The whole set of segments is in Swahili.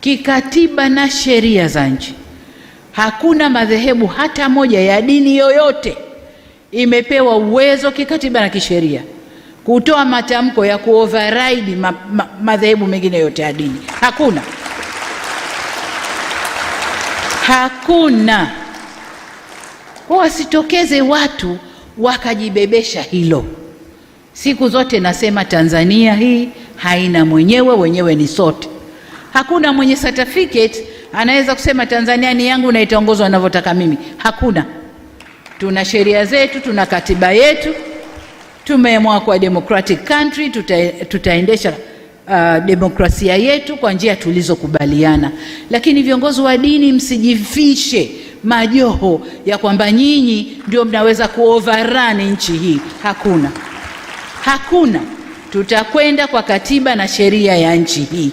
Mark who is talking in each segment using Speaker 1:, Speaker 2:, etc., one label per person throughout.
Speaker 1: kikatiba na sheria za nchi. Hakuna madhehebu hata moja ya dini yoyote imepewa uwezo kikatiba na kisheria kutoa matamko ya override ma, ma, madhehebu mengine yote ya dini. Hakuna, hakuna. Wasitokeze watu wakajibebesha hilo. Siku zote nasema Tanzania hii haina mwenyewe, wenyewe ni sote. Hakuna mwenye certificate anaweza kusema Tanzania ni yangu na itaongozwa ninavyotaka mimi. Hakuna. Tuna sheria zetu, tuna katiba yetu, tumeamua kwa democratic country, tuta, tutaendesha uh, demokrasia yetu kwa njia tulizokubaliana. Lakini viongozi wa dini, msijifishe majoho ya kwamba nyinyi ndio mnaweza kuoverrun nchi hii. Hakuna, hakuna. Tutakwenda kwa katiba na sheria ya nchi hii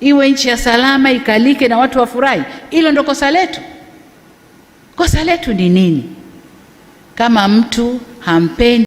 Speaker 1: iwe nchi ya salama, ikalike na watu wafurahi. Hilo ndo kosa letu. Kosa letu ni nini? Kama mtu hampendi